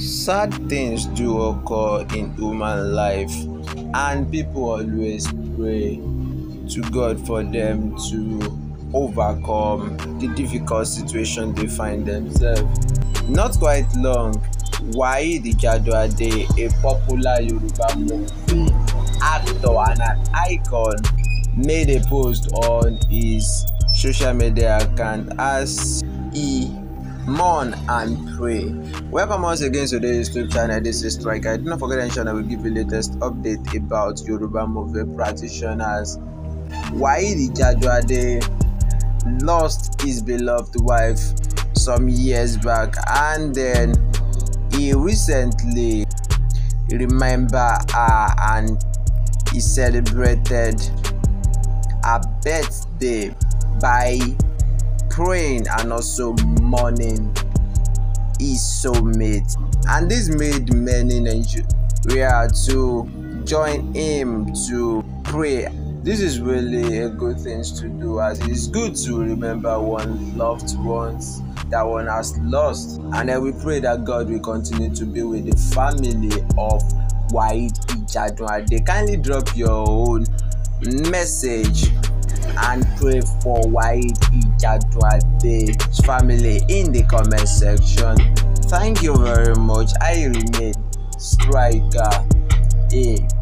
sad things do occur in human life and people always pray to god for them to overcome the difficult situation they find themselves not quite long waheed ijadoade a popular yoruba movie actor and an icon made a post on his social media account as he mourn and pray welcome once again to today's youtube channel this is striker do not forget to ensure that we give you latest update about yoruba movie practitioners Why waidi jaduade lost his beloved wife some years back and then he recently remember her and he celebrated her birthday by praying and also mourning is so made. And this made many Nigeria to join him to pray. This is really a good thing to do as it is good to remember one loved ones that one has lost. And then we pray that God will continue to be with the family of Waid They Kindly drop your own message and pray for white Jadwade family in the comment section. Thank you very much. I remain Striker A.